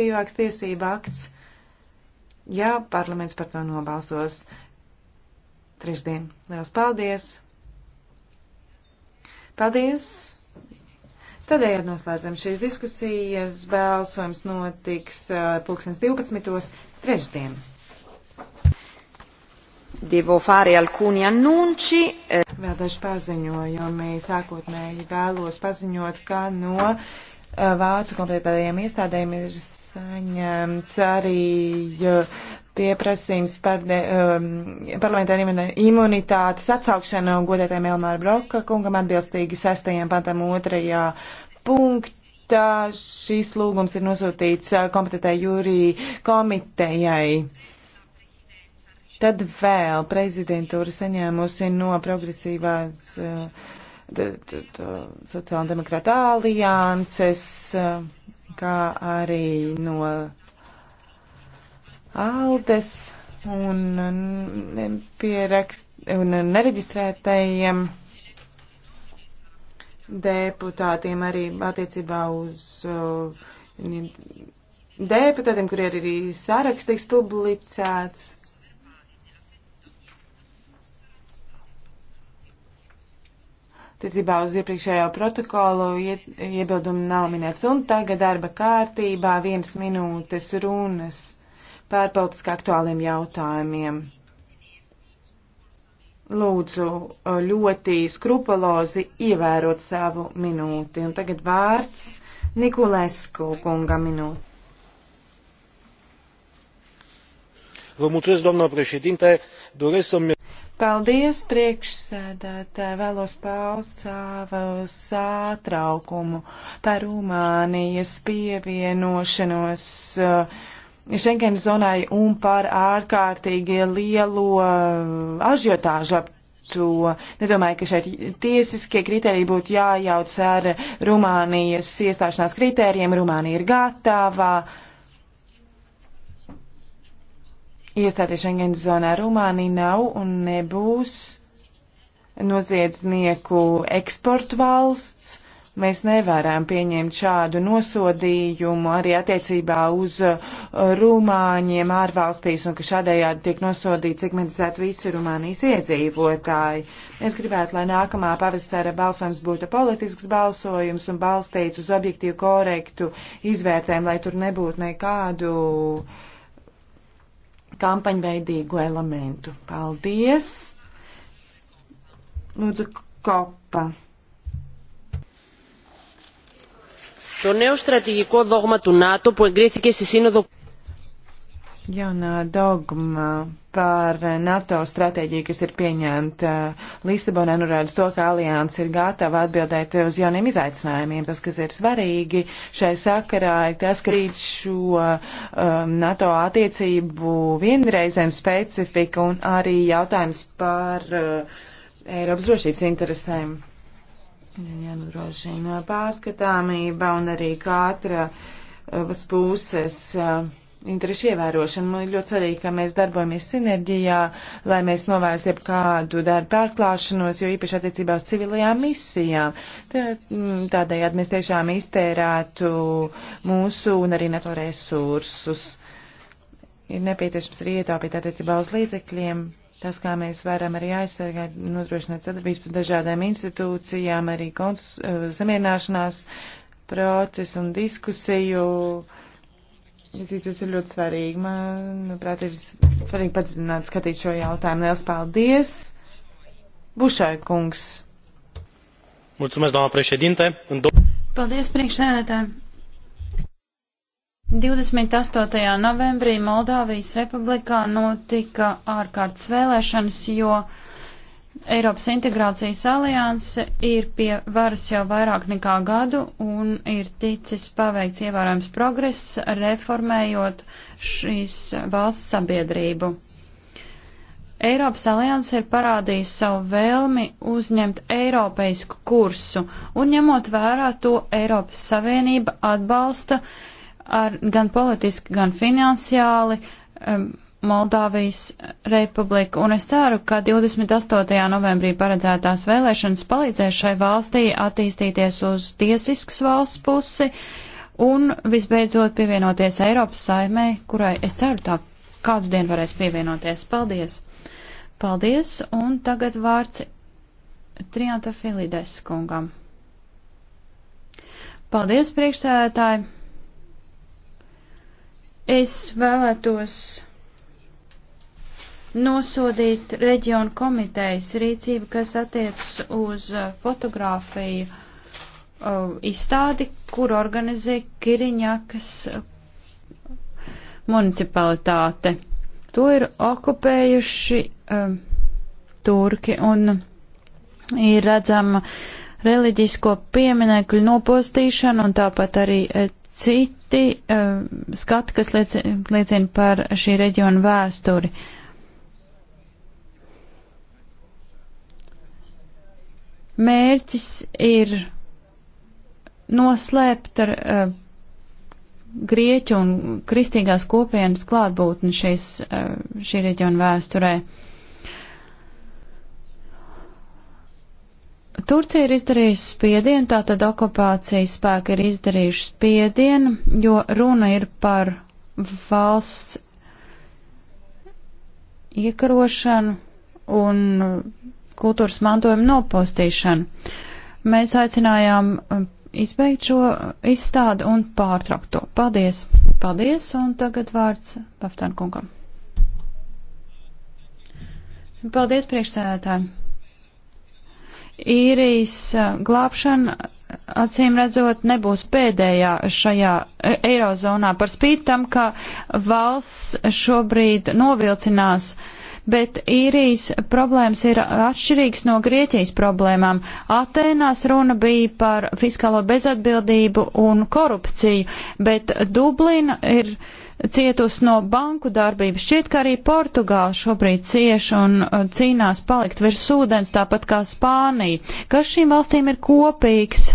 efektīvāks tiesība akts, ja parlaments par to nobalsos trešdien. Lielas paldies! Paldies! Tādējādi noslēdzam šīs diskusijas. Balsojums notiks uh, 2012. trešdien. Devo fare alcuni annunci. Vēl daži paziņojumi. Sākotnēji vēlos paziņot, ka no uh, Vācu kompletējiem iestādēm ir saņemts arī pieprasījums par de, um, parlamentāra imunitātes atsaukšanu godētājiem Elmāra Broka kungam atbilstīgi 6. pantam 2. punktā. Šis lūgums ir nosūtīts uh, kompetentai jūrī komitejai. Tad vēl prezidentūra saņēmusi no progresīvās uh, sociāla demokrāta alianses. Uh, kā arī no Aldes un, pierakst, un nereģistrētajiem deputātiem arī attiecībā uz uh, deputātiem, kuriem ir arī sarakstīs publicēts. Tiecībā uz iepriekšējo protokolu iebildumu nav minēts. Un tagad darba kārtībā viens minūtes runas pār politiski aktuāliem jautājumiem. Lūdzu ļoti skrupulozi ievērot savu minūti. Un tagad vārds Nikulesku kunga minūte. Vă mulțumesc, doamna președinte. Doresc să-mi Paldies, priekšsēdētāji, vēlos paust savu sātraukumu par Rumānijas pievienošanos uh, Schengen zonai un par ārkārtīgi lielo uh, ažiotāžu ap to. Nedomāju, ka šeit tiesiskie kriteriji būtu jājauc ar Rumānijas iestāšanās kritērijiem. Rumānija ir gatava iestāties Schengen zonā Rumānija nav un nebūs noziedznieku eksporta valsts. Mēs nevaram pieņemt šādu nosodījumu arī attiecībā uz uh, rumāņiem ārvalstīs un ka šādējādi tiek nosodīti segmentizēt visi Rumānijas iedzīvotāji. Es gribētu, lai nākamā pavasara balsojums būtu politisks balsojums un balstīts uz objektīvu korektu izvērtēm, lai tur nebūtu nekādu uh, kampaņveidīgu elementu. Paldies! Lūdzu, kopa. Το νέο στρατηγικό δόγμα του ΝΑΤΟ που εγκρίθηκε στη Σύνοδο. Για να δόγμα par NATO stratēģiju, kas ir pieņemta Lisabonā, norādas to, ka alianses ir gatava atbildēt uz jauniem izaicinājumiem. Tas, kas ir svarīgi šai sakarā, ir tas, ka rīt šo um, NATO attiecību vienreizēm specifika un arī jautājums par uh, Eiropas drošības interesēm. Jānodrošina nu, uh, pārskatāmība un arī katra uh, puses. Uh, interešu ievērošanu. Man ir ļoti svarīgi, ka mēs darbojamies sinerģijā, lai mēs novērstu jebkādu darbu pārklāšanos, jo īpaši attiecībā uz civilajām misijām. Mm, tādējādi mēs tiešām iztērētu mūsu un arī NATO resursus. Ir nepieciešams arī ietaupīt attiecībā uz līdzekļiem. Tas, kā mēs varam arī aizsargāt, nodrošināt sadarbības ar dažādām institūcijām, arī konsus, eh, samierināšanās procesu un diskusiju uh, Jāsīt, tas ir ļoti svarīgi. Manuprāt, ir svarīgi padziļināt skatīt šo jautājumu. Liels paldies! Bušai kungs! Mulțumesc, doamna președinte! Paldies, priekšsēdētāji! 28. novembrī Moldāvijas republikā notika ārkārtas vēlēšanas, jo Eiropas integrācijas alianse ir pie varas jau vairāk nekā gadu un ir ticis paveikts ievērojams progress, reformējot šīs valsts sabiedrību. Eiropas alianse ir parādījusi savu vēlmi uzņemt eiropeisku kursu, un ņemot vērā to Eiropas Savienība atbalsta ar gan politiski, gan finansiāli um, Moldāvijas republiku, un es ceru, ka 28. novembrī paredzētās vēlēšanas palīdzēs šai valstī attīstīties uz tiesiskas valsts pusi un visbeidzot pievienoties Eiropas saimē, kurai es ceru tā kādu dienu varēs pievienoties. Paldies! Paldies, un tagad vārds Trianta Filides kungam. Paldies, priekšsēdētāji! Es vēlētos nosodīt reģionu komitejas rīcību, kas attiecas uz uh, fotografiju uh, izstādi, kur organizē Kiriņakas municipalitāte. To ir okupējuši um, turki un ir redzama reliģisko pieminekļu nopostīšana un tāpat arī uh, citi um, skati, kas liecina par šī reģiona vēsturi. Uh, mērķis ir noslēpt ar uh, grieķu un kristīgās kopienas klātbūtni šīs, uh, eh, šī reģiona vēsturē. Turcija ir izdarījusi spiedienu, tātad okupācijas spēki ir izdarījuši spiedienu, jo runa ir par valsts iekarošanu un kultūras mantojuma nopostīšanu. Mēs aicinājām um, izbeigt šo izstādi un pārtraukt to. Paldies! Paldies! Un tagad vārds Paftan kungam. Paldies, priekšsēdētāji! Īrijas uh, glābšana acīm redzot, nebūs pēdējā šajā e, eirozonā par spīti tam, ka valsts šobrīd novilcinās uh, bet īrijas problēmas ir atšķirīgas no Grieķijas problēmām. Atēnās runa bija par fiskālo bezatbildību un korupciju, bet Dublina ir cietusi no banku darbības. Šķiet, ka arī Portugāla šobrīd cieš un uh, cīnās palikt virs ūdens, tāpat kā Spānija. Kas šīm valstīm ir kopīgs?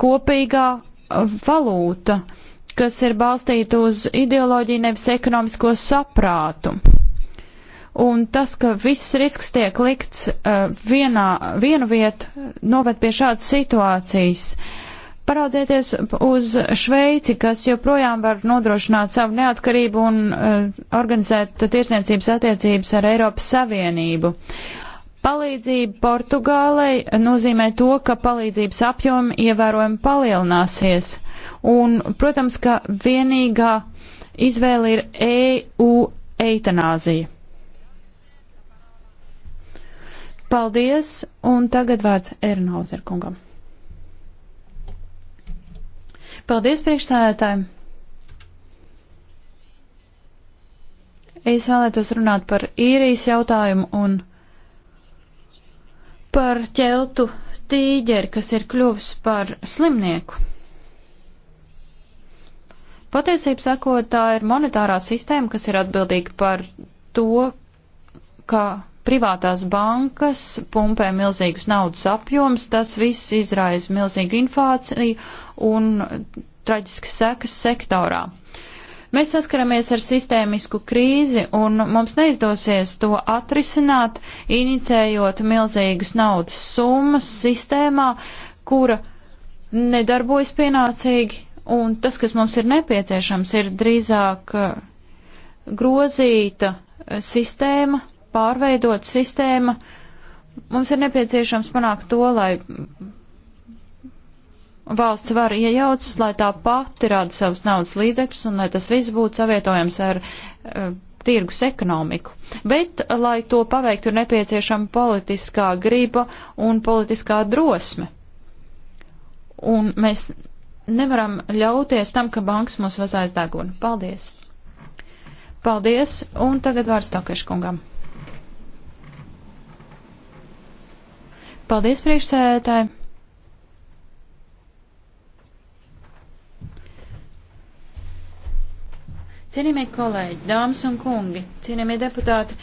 Kopīgā uh, valūta, kas ir balstīta uz ideoloģiju, nevis ekonomisko saprātu. Un tas, ka viss risks tiek likts uh, vienā, vienu vietu, noved pie šādas situācijas. Paraudzieties uz Šveici, kas joprojām var nodrošināt savu neatkarību un uh, organizēt tirsniecības attiecības ar Eiropas Savienību. Palīdzība Portugālei nozīmē to, ka palīdzības apjomi ievērojami palielināsies. Un, protams, ka vienīgā izvēle ir EU eitanāzija. Paldies, un tagad vārds Ernauzer kungam. Paldies priekšstādātājiem! Es vēlētos runāt par īrijas jautājumu un par ķeltu tīģeri, kas ir kļuvis par slimnieku. Patiesību sakot, tā ir monetārā sistēma, kas ir atbildīga par to, ka privātās bankas pumpē milzīgus naudas apjoms, tas viss izraisa milzīgu inflāciju un traģiskas sekas sektorā. Mēs saskaramies ar sistēmisku krīzi un mums neizdosies to atrisināt, inicējot milzīgas naudas summas sistēmā, kura nedarbojas pienācīgi, un tas, kas mums ir nepieciešams, ir drīzāk eh, grozīta sistēma, pārveidot sistēma. Mums ir nepieciešams panākt to, lai valsts var iejaucas, lai tā pati rada savus naudas līdzekļus un lai tas viss būtu savietojams ar uh, tirgus ekonomiku. Bet, lai to paveiktu, ir nepieciešama politiskā griba un politiskā drosme. Un mēs nevaram ļauties tam, ka banks mūs vaz aizdeguna. Paldies! Paldies, un tagad vārds Tokeškungam. Paldies, priekšsēdētāji! Cienījamie kolēģi, dāmas un kungi, cienījamie deputāti,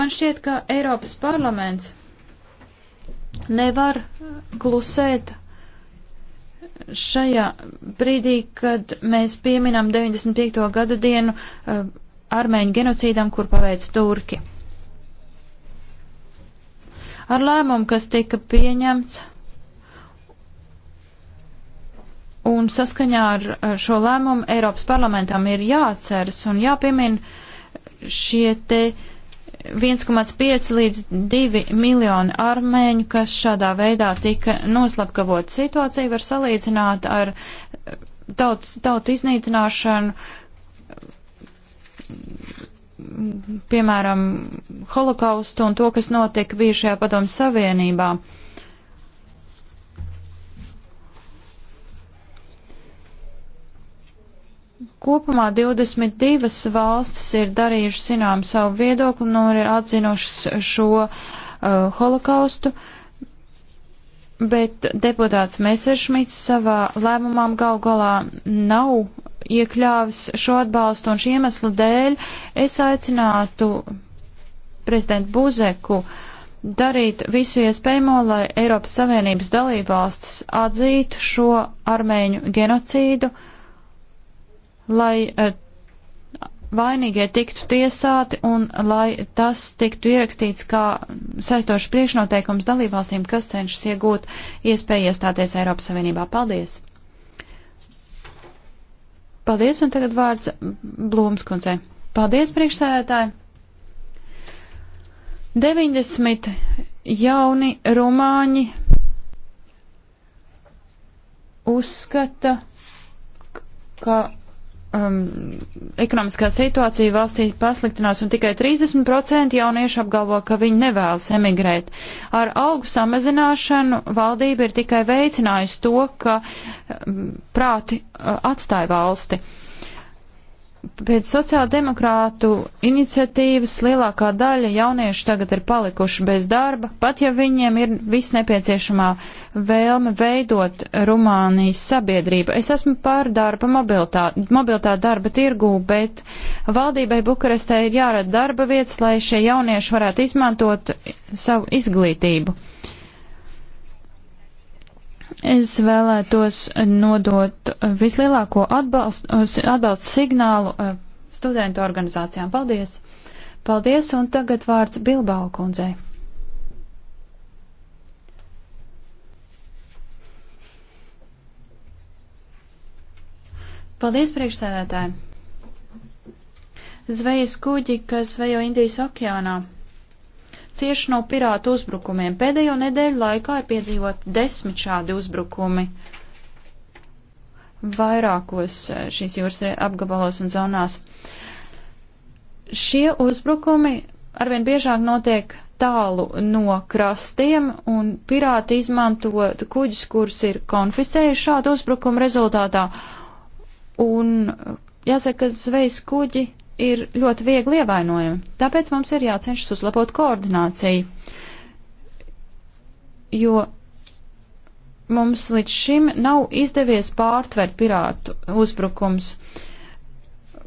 man šķiet, ka Eiropas parlaments nevar klusēt šajā brīdī, kad mēs pieminam 95. gada dienu eh, armēņu genocīdam, kur paveic turki. Ar lēmumu, kas tika pieņemts un saskaņā ar šo lēmumu Eiropas parlamentam ir jāatceras un jāpiemin šie te 1,5 līdz 2 miljoni armēņu, kas šādā veidā tika noslapkavot. Situācija var salīdzināt ar tautas, tautu iznīcināšanu piemēram, holokaustu un to, kas notika bijušajā padomu savienībā. Kopumā 22 valstis ir darījušas zinām savu viedokli un ir atzinušas šo uh, holokaustu, bet deputāts Mēsešmits savā lēmumām gal galā nav iekļāvis šo atbalstu un šī iemesla dēļ es aicinātu prezidentu Buzeku darīt visu iespējamo, lai Eiropas Savienības dalībvalstis atzītu šo armēņu genocīdu, lai eh, vainīgie tiktu tiesāti un lai tas tiktu ierakstīts kā saistošs priekšnoteikums dalībvalstīm, kas cenšas iegūt iespēju iestāties Eiropas Savienībā. Paldies! Paldies, un tagad vārds Blūms kundzei. Paldies, priekšsēdētāji! 90 jauni rumāņi uzskata, ka um, ekonomiskā situācija valstī pasliktinās un tikai 30% jauniešu apgalvo, ka viņi nevēlas emigrēt. Ar augu samazināšanu valdība ir tikai veicinājusi to, ka um, prāti uh, atstāja valsti. Uh, pēc sociāldemokrātu iniciatīvas lielākā daļa jauniešu tagad ir palikuši bez darba, pat ja viņiem ir viss nepieciešamā vēlme veidot Rumānijas sabiedrību. Es esmu pār darba mobilitāti, mobilitāti darba tirgū, bet valdībai Bukarestē ir jārada darba vietas, lai šie jaunieši varētu izmantot savu izglītību. Es vēlētos nodot vislielāko atbalstu, atbalstu signālu uh, studentu organizācijām. Paldies! Paldies, un tagad vārds Bilbao kundzei. Paldies, priekšsēdētāji! Zvejas kuģi, kas zvejo Indijas okeānā cieši no pirātu uzbrukumiem. Pēdējo nedēļu laikā ir piedzīvot desmit šādi uzbrukumi vairākos eh, šīs jūras apgabalos un zonās. Šie uzbrukumi arvien biežāk notiek tālu no krastiem, un pirāti izmanto kuģus, kurus ir konfiscējuši šādu uzbrukumu rezultātā. Un eh, jāsaka, ka zvejas kuģi ir ļoti viegli ievainojami. Tāpēc mums ir jācenšas uzlabot koordināciju, jo mums līdz šim nav izdevies pārtvert pirātu uzbrukums.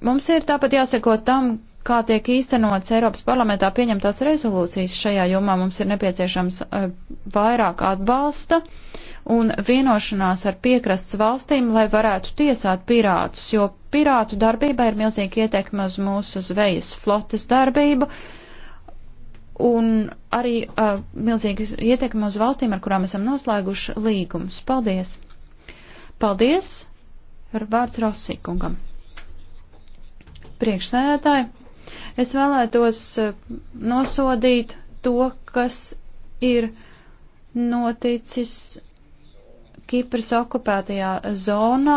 Mums ir tāpat jāseko tam, kā tiek īstenots Eiropas parlamentā pieņemtās rezolūcijas šajā jomā, mums ir nepieciešams eh, vairāk atbalsta un vienošanās ar piekrasts valstīm, lai varētu tiesāt pirātus, jo pirātu darbībai ir milzīgi ietekme uz mūsu zvejas flotes darbību un arī uh, eh, milzīgi ietekme uz valstīm, ar kurām esam noslēguši līgumus. Paldies! Paldies! Ar vārds Rosīkungam. Priekšsēdētāji! Es vēlētos eh, nosodīt to, kas ir noticis Kipras okupētajā zonā,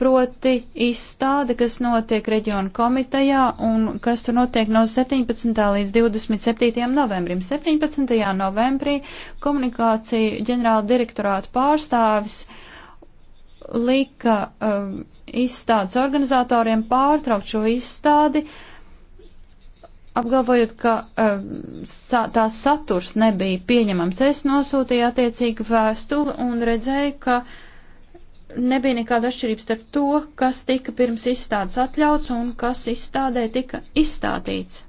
proti izstāde, kas notiek reģiona komitejā un kas tur notiek no 17. līdz 27. novembrim. 17. novembrī komunikācija ģenerāla direktorāta pārstāvis lika um, izstādes organizatoriem pārtraukt šo izstādi, uh, apgalvojot, ka um, sa, tās saturs nebija pieņemams. Es nosūtīju attiecīgu vēstuli un redzēju, ka nebija nekāda atšķirība starp to, kas tika pirms izstādes atļauts un kas izstādē tika izstādīts.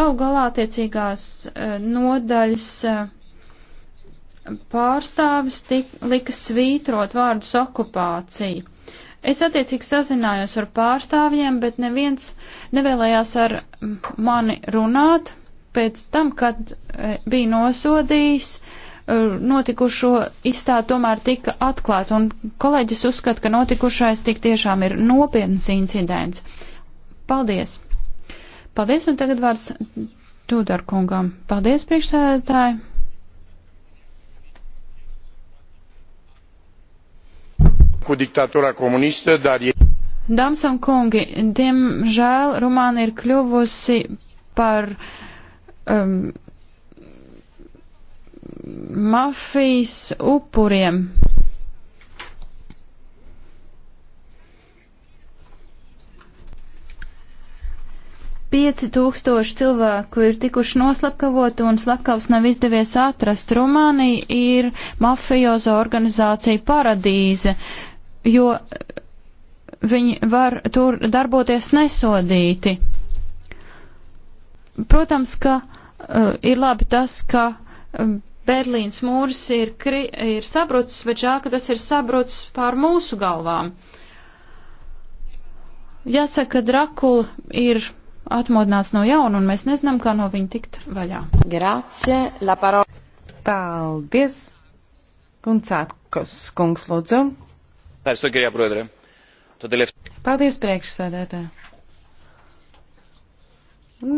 Galu galā attiecīgās uh, nodaļas uh, pārstāvis tik, lika svītrot vārdus okupācija Es attiecīgi sazinājos ar pārstāvjiem, bet neviens nevēlējās ar mani runāt pēc tam, kad e, bija nosodījis e, notikušo izstāde tomēr tika atklāta, un kolēģis uzskata, ka notikušais tik tiešām ir nopietns incidents. Paldies! Paldies, un tagad vārds Tūdar kungam. Paldies, priekšsēdētāji! Cu dictatura comunistă, dar... E- Dāmas un kungi, diemžēl Rumāna ir kļuvusi par um, mafijas upuriem. Pieci tūkstoši cilvēku ir tikuši noslapkavoti un slepkavs nav izdevies atrast. Rumānija ir mafiozo organizācija paradīze. Uh, jo viņi var tur darboties nesodīti. Protams, ka uh, ir labi tas, ka uh, Berlīns mūris ir, kri, ir sabrucis, bet žēl, ka tas ir sabrucis pār mūsu galvām. Jāsaka, ka Drakula ir atmodināts no jauna, un mēs nezinām, kā no viņa tikt vaļā. Grācie, la parola. Paldies, Kuncātkos, kungs, lūdzu. Paldies, priekšsēdētāji!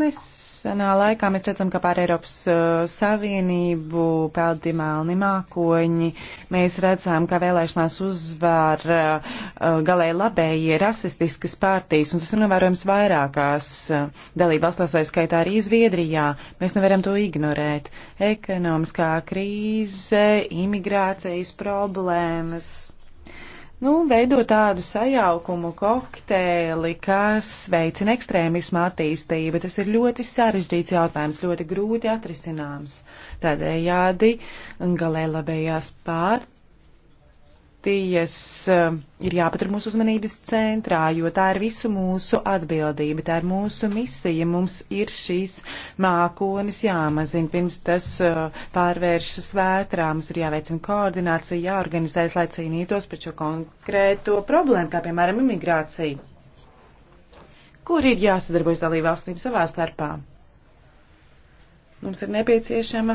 Nesenā laikā mēs redzam, ka pār Eiropas uh, Savienību peld dimēlni mākoņi. Mēs redzam, ka vēlēšanās uzvar uh, uh, galēji labējie rasistiskas partijas, un tas ir novērojams vairākās uh, dalībvalstās, lai skaitā arī Zviedrijā. Mēs nevaram to ignorēt. Ekonomiskā krīze, imigrācijas problēmas Nu, veido tādu sajaukumu kokteili, kas veicina ekstrēmismu attīstību. Tas ir ļoti sarežģīts jautājums, ļoti grūti atrisināms. Tādējādi galē labējās pār, partijas eh, ir jāpatur mūsu uzmanības centrā, jo tā ir visu mūsu atbildība, tā ir mūsu misija. Mums ir šīs mākonis jāmazina, pirms tas eh, pārvēršas vētrā. Mums ir jāveicina koordinācija, jāorganizēs, lai cīnītos pret šo konkrēto problēmu, kā piemēram imigrācija kur ir jāsadarbojas dalībvalstīm savā starpā. Mums ir nepieciešama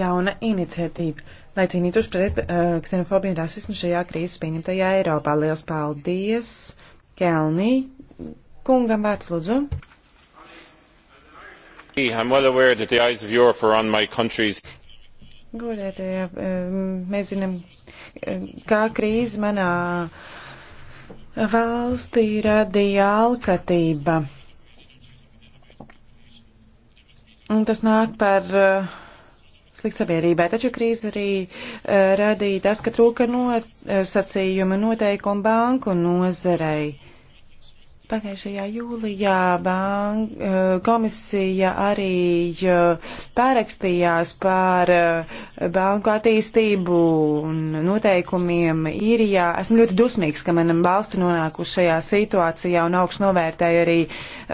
jauna iniciatīva lai cīnītos pret uh, ksenofobiju un rasismu šajā krīzes pieņemtajā Eiropā. Liels paldies! Kelnī kungam vārds lūdzu. I'm well aware that the eyes of Europe are on my country's. Godētie, eh, mēs zinām, eh, kā krīze manā valstī radīja alkatība. Un tas nāk par uh, slikts sabiedrībai. Taču krīze arī uh, radīja tas, ka trūka nosacījuma eh, noteikumu banku nozarei. Pagājušajā jūlijā bank, eh, komisija arī eh, pārakstījās par eh, banku attīstību un noteikumiem īrijā. Esmu ļoti dusmīgs, ka manam valsts nonākuši šajā situācijā un augstu novērtēju arī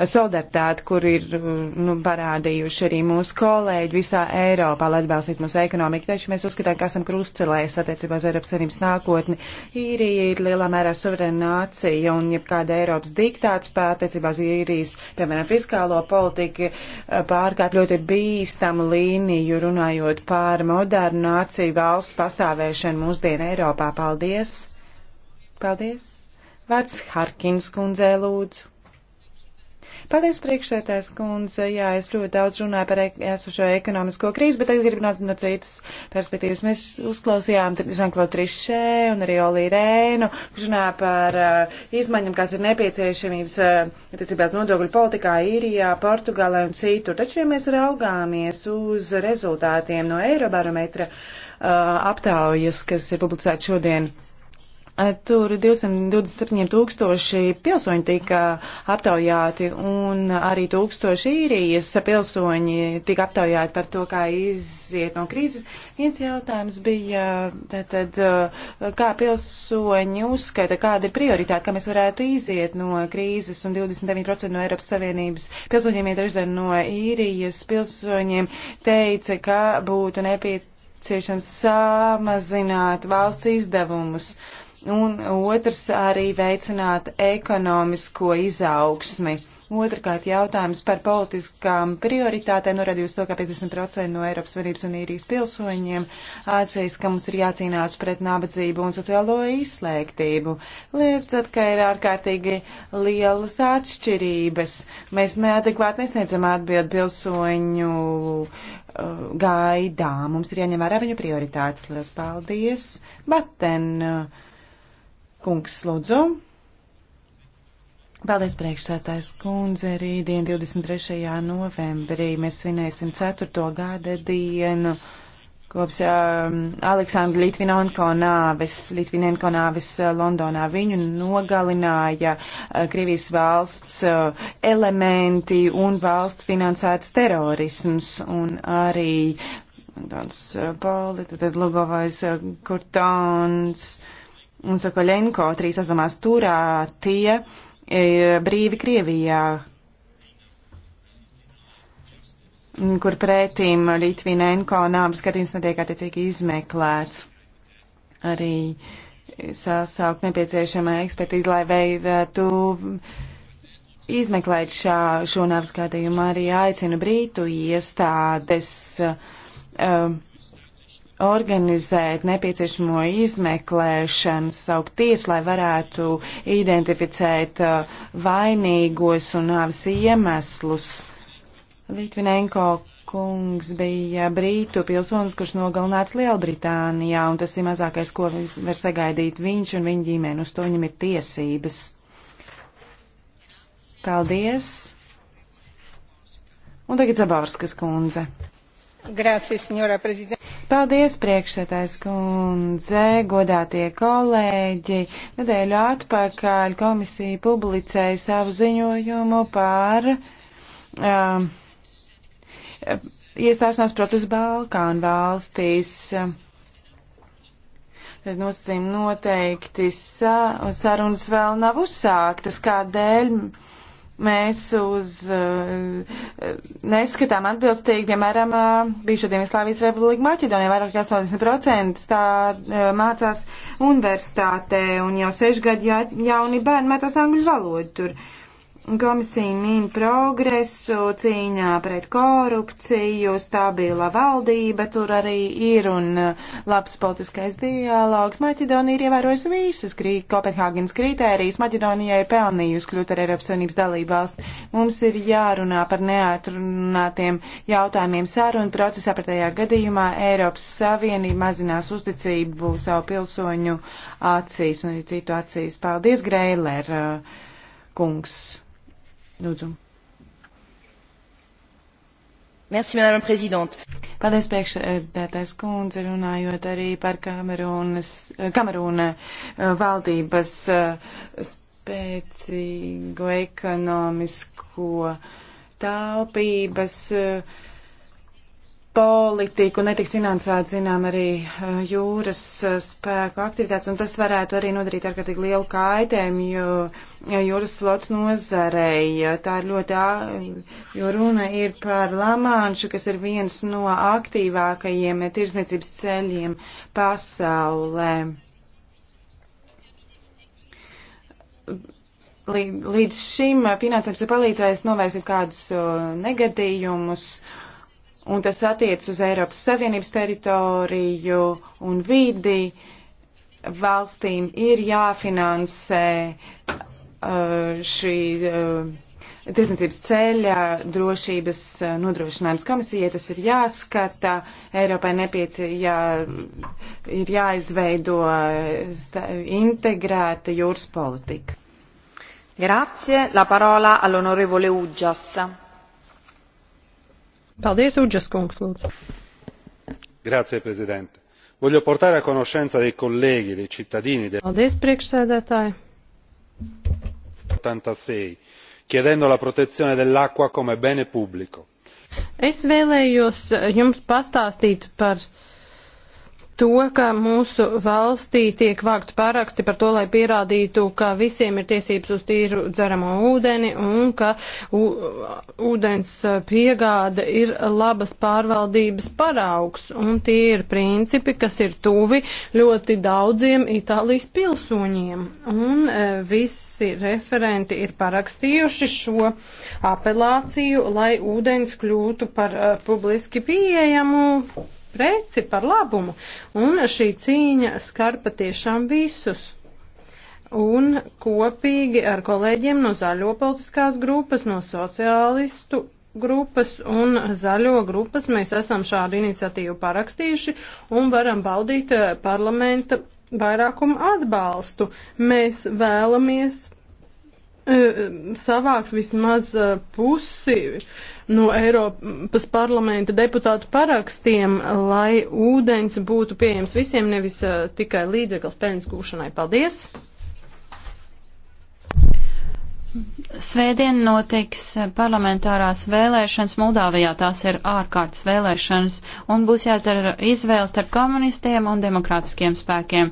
solidaritāti, kur ir nu, parādījuši arī mūsu kolēģi visā Eiropā, lai atbalstītu mūsu ekonomiku. Taču mēs uzskatām, ka esam krustcelējis attiecībā uz Eiropas Savienības nākotni. Īrija ir lielā mērā suverēna nācija un jebkāda Eiropas dikta aktivitātes pārtiecībā uz īrijas, piemēram, fiskālo politiku eh, pārkāp ļoti bīstamu līniju, runājot par modernu nāciju valstu pastāvēšanu mūsdienu Eiropā. Paldies! Paldies! Vārds Harkins kundzē lūdzu. Paldies, priekšsētājs kundze. Jā, es ļoti daudz runāju par e- esošo ekonomisko krīzi, bet tagad gribu nākt no citas perspektīvas. Mēs uzklausījām Žanklo Trišē un arī Olī Rēnu, kurš runā par uh, e, izmaiņam, kāds ir nepieciešamības e, attiecībās uh, nodokļu politikā Īrijā, Portugālē un citur. Taču, ja mēs raugāmies uz rezultātiem no Eirobarometra uh, aptaujas, kas ir publicēta šodien, Tur 227 tūkstoši pilsoņi tika aptaujāti un arī tūkstoši īrijas pilsoņi tika aptaujāti par to, kā iziet no krīzes. Viens jautājums bija, tātad, kā pilsoņi uzskaita, kāda ir prioritāte, kā mēs varētu iziet no krīzes un 29% no Eiropas Savienības pilsoņiem, ja trešdaļa no īrijas pilsoņiem teica, ka būtu nepieciešams samazināt valsts izdevumus. Uh, un otrs arī veicināt ekonomisko izaugsmi. Otrakārt jautājums par politiskām prioritātēm norādījusi to, ka 50% no Eiropas Savienības un īrijas pilsoņiem atzīst, ka mums ir jācīnās pret nabadzību un sociālo izslēgtību. Liedzat, ka ir ārkārtīgi lielas atšķirības. Mēs neadekvāti nesniedzam atbildi pilsoņu uh, gaidā. Mums ir jāņem vērā viņu prioritātes. Lielas paldies! Baten! Uh, Kungs, lūdzu. Paldies, priekšsētājs kundze. Rītdien, 23. novembrī, mēs svinēsim 4. gada dienu kopš um, Aleksandra Litvinenko nāves, Litvinenko nāves uh, Londonā. Viņu nogalināja uh, Krievijas valsts uh, elementi un valsts finansēts terorisms un arī tāds uh, Pauli, tad Lugovais uh, Kurtāns. Uh, un Sokoļenko trīs aizdomās turā, tie ir brīvi Krievijā, kur pretīm Litvinenko nāmas skatījums netiek attiecīgi izmeklēts. Arī sasaukt nepieciešamā ekspertīze, lai veirētu izmeklēt šā, šo nāves gadījumu. Arī aicinu Brītu iestādes. Uh, organizēt nepieciešamo izmeklēšanu, saukt tiesu, lai varētu identificēt uh, vainīgos un nāvis iemeslus. Litvinenko kungs bija brītu pilsonis, kurš nogalināts Lielbritānijā, un tas ir mazākais, ko var sagaidīt viņš un viņa ģimene. Uz to viņam ir tiesības. Paldies! Un tagad Zabārskas kundze. Grācies, ņorā prezidenta. Paldies, priekšsētājs kundze, godātie kolēģi. Nedēļu atpakaļ komisija publicēja savu ziņojumu par um, iestāšanās procesu Balkānu valstīs. Um, nosacījumi noteikti sa, sarunas vēl nav uzsāktas, kādēļ mēs uz, eh, neskatām atbilstīgi, piemēram, eh, bijušo Dienvidslāvijas republiku Maķedoniju, vairāk kā 80% tā eh, mācās universitātē, un jau seši gadu ja, jauni bērni mācās angļu valodu tur. Uh, Komisija min progresu cīņā pret korupciju, stabila valdība tur arī ir un uh, labs politiskais dialogs. Maķedonija ir ievērojusi visas krī, Kopenhāgenes kritērijas. Maķedonija ir pelnījusi kļūt ar Eiropas Savienības dalību valsts. Mums ir jārunā par neatrunātiem jautājumiem sarunu procesā. Pretējā gadījumā Eiropas Savienība mazinās uzticību savu pilsoņu acīs un arī citu acīs. Paldies, Greiler! Uh, kungs. Lūdzu. Merci, Madame Prezidente. Paldies, priekšsēdētājs kundze, runājot arī par Kamerūnas, Kamerūna eh, valdības eh, spēcīgo ekonomisko taupības eh, politiku, netiks finansēt, zinām, arī jūras spēku aktivitātes, un tas varētu arī nodarīt ārkārtīgi lielu kaitējumu, jo jūras flots nozarei. Tā ir ļoti, jo runa ir par Lamānšu, kas ir viens no aktīvākajiem tirsniecības ceļiem pasaulē. Līdz šim finansējums ir palīdzējis novērst kādus negadījumus, un tas attiec uz Eiropas Savienības teritoriju un vidi. Valstīm ir jāfinansē uh, šī tiesniecības ceļa drošības nodrošinājums komisijai. Tas ir jāskata. Eiropai nepieci, jā, ir jāizveido integrēta jūras politika. Grazie. La parola all'onorevole Uģas. Paldies, Uģas kungs, lūdzu. Grazie, prezidente. Voglio portare a conoscenza dei colleghi, dei cittadini. Del... Paldies, priekšsēdētāji 86, chiedendo la protezione dell'acqua come bene pubblico. Es vēlējos eh, jums pastāstīt par uh, to, ka mūsu valstī tiek vākt paraksti par to, lai pierādītu, ka visiem ir tiesības uz tīru dzeramo ūdeni un ka ūdens piegāde ir labas pārvaldības paraugs. Un tie ir principi, kas ir tuvi ļoti daudziem Itālijas pilsoņiem. Un e, visi referenti ir parakstījuši šo apelāciju, lai ūdens kļūtu par e, publiski pieejamu preci par labumu, un šī cīņa skar patiešām visus. Un kopīgi ar kolēģiem no zaļo politiskās grupas, no sociālistu grupas un zaļo grupas mēs esam šādu iniciatīvu parakstījuši un varam baudīt eh, parlamenta vairākumu atbalstu. Mēs vēlamies eh, savākt vismaz eh, pusi no Eiropas parlamenta deputātu parakstiem, lai ūdens būtu pieejams visiem, nevis uh, tikai līdzeklis peļņas gūšanai. Paldies! Svētdien notiks parlamentārās vēlēšanas Moldāvijā, tās ir ārkārtas vēlēšanas, un būs jāizdara izvēle starp komunistiem un demokrātiskiem spēkiem.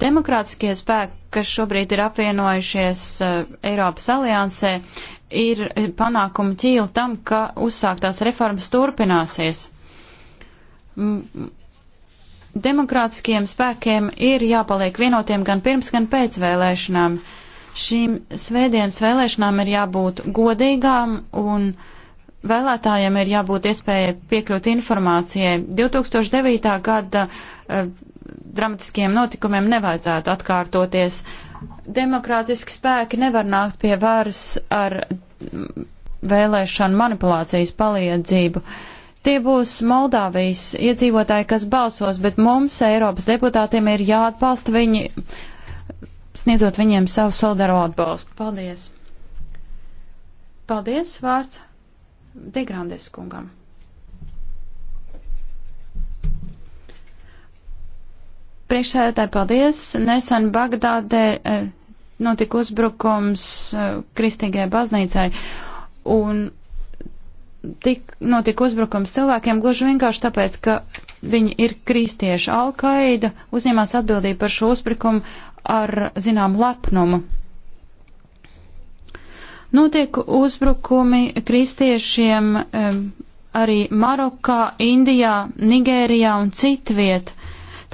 Demokrātiskie spēki, kas šobrīd ir apvienojušies uh, Eiropas aliansē, ir panākuma ķīla tam, ka uzsāktās reformas turpināsies. Demokrātiskajiem spēkiem ir jāpaliek vienotiem gan pirms, gan pēc vēlēšanām. Šīm svētdienas vēlēšanām ir jābūt godīgām un vēlētājiem ir jābūt iespējai piekļūt informācijai. 2009. gada eh, dramatiskiem notikumiem nevajadzētu atkārtoties demokrātiski spēki nevar nākt pie varas ar vēlēšanu manipulācijas palīdzību. Tie būs Moldāvijas iedzīvotāji, kas balsos, bet mums, Eiropas deputātiem, ir jāatbalsta viņi, sniedzot viņiem savu solidaro atbalstu. Paldies! Paldies, vārds Digrandes kungam. Priekšsēdētāji, paldies! Nesen Bagdādē. Eh, notika uzbrukums eh, Kristīgai baznīcai un tik, notika uzbrukums cilvēkiem gluži vienkārši tāpēc, ka viņi ir kristieši. Alkaida uzņēmās atbildību par šo uzbrukumu ar zinām lepnumu. Notiek uzbrukumi kristiešiem um, arī Marokā, Indijā, Nigērijā un citviet.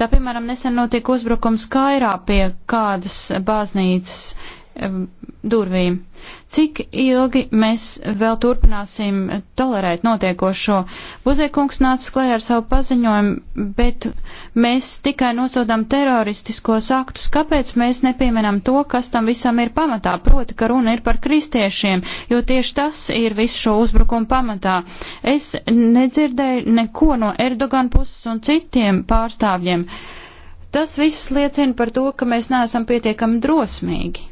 Tā, piemēram, nesen notika uzbrukums Kairā pie kādas baznīcas durvīm. Cik ilgi mēs vēl turpināsim tolerēt notiekošo? Buzēkungs nāca klajā ar savu paziņojumu, bet mēs tikai nosodām teroristiskos aktus. Kāpēc mēs nepieminam to, kas tam visam ir pamatā? Proti, ka runa ir par kristiešiem, jo tieši tas ir visu šo uzbrukumu pamatā. Es nedzirdēju neko no Erdogan puses un citiem pārstāvjiem. Tas viss liecina par to, ka mēs neesam pietiekami drosmīgi.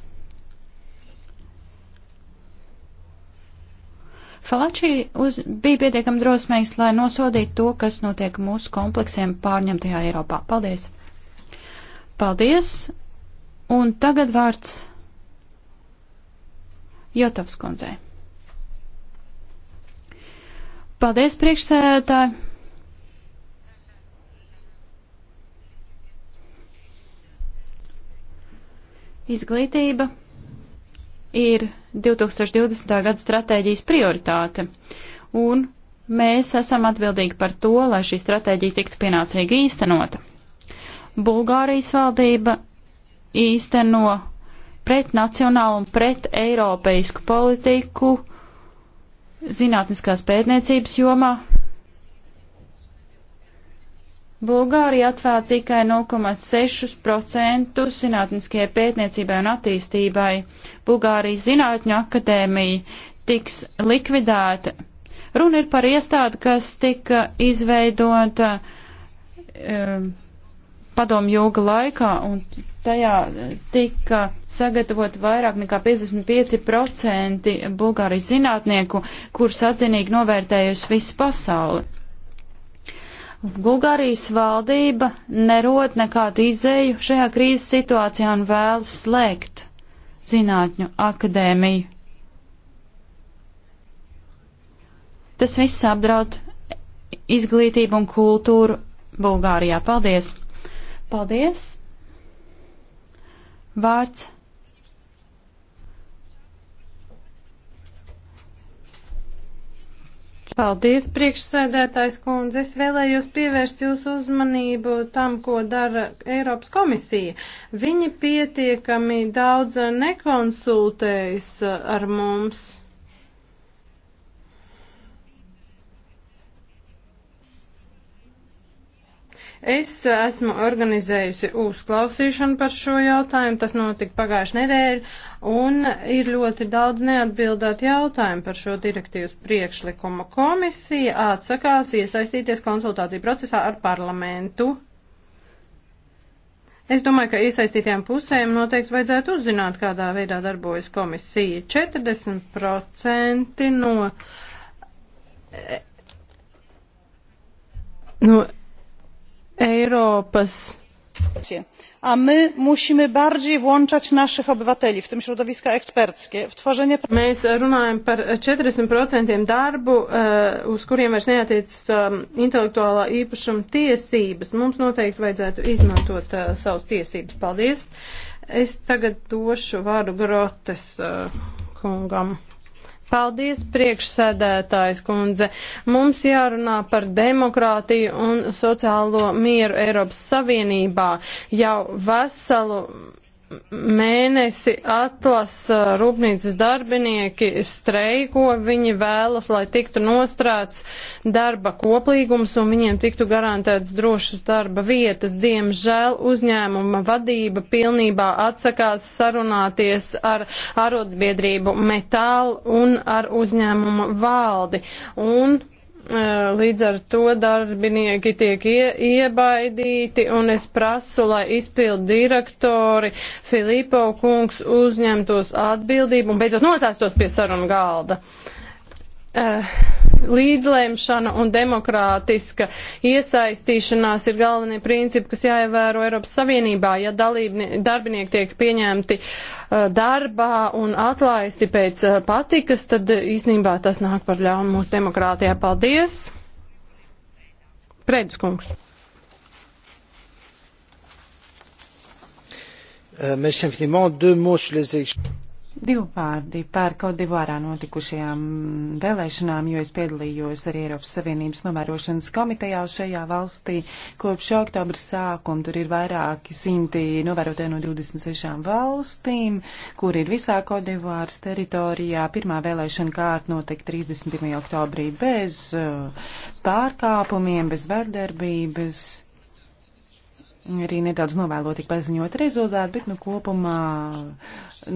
Falači uz, bija pietiekami drosmīgs, lai nosodītu to, kas notiek mūsu kompleksiem pārņemtajā Eiropā. Paldies! Paldies! Un tagad vārds Jotovs kundzei. Paldies, priekšsēdētāji! Izglītība ir 2020. gada stratēģijas prioritāte. Un mēs esam atbildīgi par to, lai šī stratēģija tiktu pienācīgi īstenota. Bulgārijas valdība īsteno pret nacionālu un pret eiropeisku politiku zinātniskās pētniecības jomā, Bulgārija atvēl tikai 0,6% zinātniskajai pētniecībai un attīstībai. Bulgārijas zinātņu akadēmija tiks likvidēta. Runa ir par iestādi, kas tika izveidota um, padomu jūga laikā, un tajā tika sagatavot vairāk nekā 55% Bulgārijas zinātnieku, kurus atzinīgi novērtējusi visa pasaule. Bulgārijas valdība nerod nekādu izēju šajā krīzes situācijā un vēlas slēgt zinātņu akadēmiju. Tas viss apdraud izglītību un kultūru Bulgārijā. Paldies! Paldies! Vārds Paldies, priekšsēdētājs kundze. Es vēlējos pievērst jūsu uzmanību tam, ko dara Eiropas komisija. Viņi pietiekami daudz nekonsultējas ar mums. Es esmu organizējusi uzklausīšanu par šo jautājumu, tas notika pagājušajā nedēļā, un ir ļoti daudz neatbildēt jautājumu par šo direktīvas priekšlikumu. Komisija atsakās iesaistīties konsultāciju procesā ar parlamentu. Es domāju, ka iesaistītām pusēm noteikti vajadzētu uzzināt, kādā veidā darbojas komisija. 40% no. E, no Eiropas. A my musimy bardziej włączać naszych obywateli, w tym środowiska eksperckie, w tworzenie... Mēs runājam par 40% darbu, e, uz kuriem vairs neatiec e, intelektuālā īpašuma tiesības. Mums noteikti vajadzētu izmantot e, savas tiesības. Paldies! Es tagad došu vārdu Grotes kungam. Paldies, priekšsēdētājs kundze. Mums jārunā par demokrātiju un sociālo mieru Eiropas Savienībā jau veselu mēnesi atlasa rūpnīcas darbinieki streiko, viņi vēlas, lai tiktu nostrāts darba koplīgums un viņiem tiktu garantēts drošas darba vietas. Diemžēl uzņēmuma vadība pilnībā atsakās sarunāties ar arotbiedrību metālu un ar uzņēmuma valdi. Un Eh, līdz ar to darbinieki tiek ie, iebaidīti, un es prasu, lai izpildu direktori Filipo kungs uzņemtos atbildību un beidzot nosēstos pie sarunu galda. Uh, līdzlēmšana un demokrātiska iesaistīšanās ir galvenie principi, kas jāievēro Eiropas Savienībā. Ja dalībnie, darbinieki tiek pieņemti uh, Eh, darbā un atlaisti pēc eh, patikas, tad eh, īstenībā tas nāk par ļaunu mūsu demokrātijā. Paldies! Prēdis kungs. Mēs šiem finimā, divi mūsu lēzīgs. Divi vārdi par Kodivārā notikušajām vēlēšanām, jo es piedalījos arī Eiropas Savienības novērošanas komitejā šajā valstī. Kopš oktobra sākuma tur ir vairāki simti novērotāji no 26 valstīm, kur ir visā Kodivāras teritorijā. Pirmā vēlēšana kārta notika 31. oktobrī bez uh, pārkāpumiem, bez vardarbības Arī nedaudz novēloti paziņot rezultātu, bet nu kopumā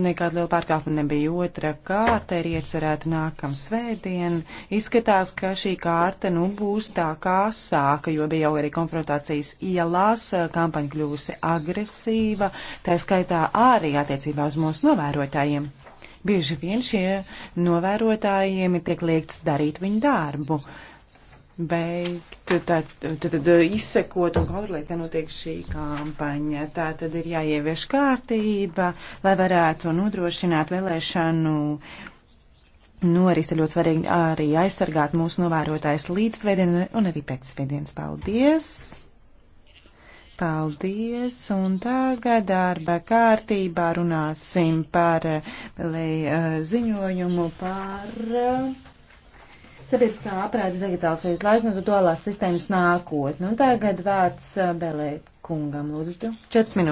nekāda liela pārkāpuma nebija. Otra kārta ir iecerēta nākam svētdien. Izskatās, ka šī kārta nu būs tā kā sāka, jo bija jau arī konfrontācijas ielās, kampaņa kļūsi agresīva, tā skaitā arī attiecībā uz mūsu novērotājiem. Bieži vien šie novērotājiem tiek liekts darīt viņu darbu. Uh, beigt, tad, tad eh, izsekot un kontrolēt, ka notiek šī kampaņa. Tā tad ir jāievieš kārtība, lai varētu nodrošināt vēlēšanu norisi ļoti svarīgi arī aizsargāt mūsu novērotājs līdz svētdienai un arī pēc svētdienas. Paldies! Paldies! Un tagad darba kārtībā runāsim par eh, lē, eh, ziņojumu par. Sabiedriskā aprēdz digitalizācijas laikmetu dualās sistēmas nākotni. Un tagad vārds eh, Belē kungam, lūdzu. 4 minūtes.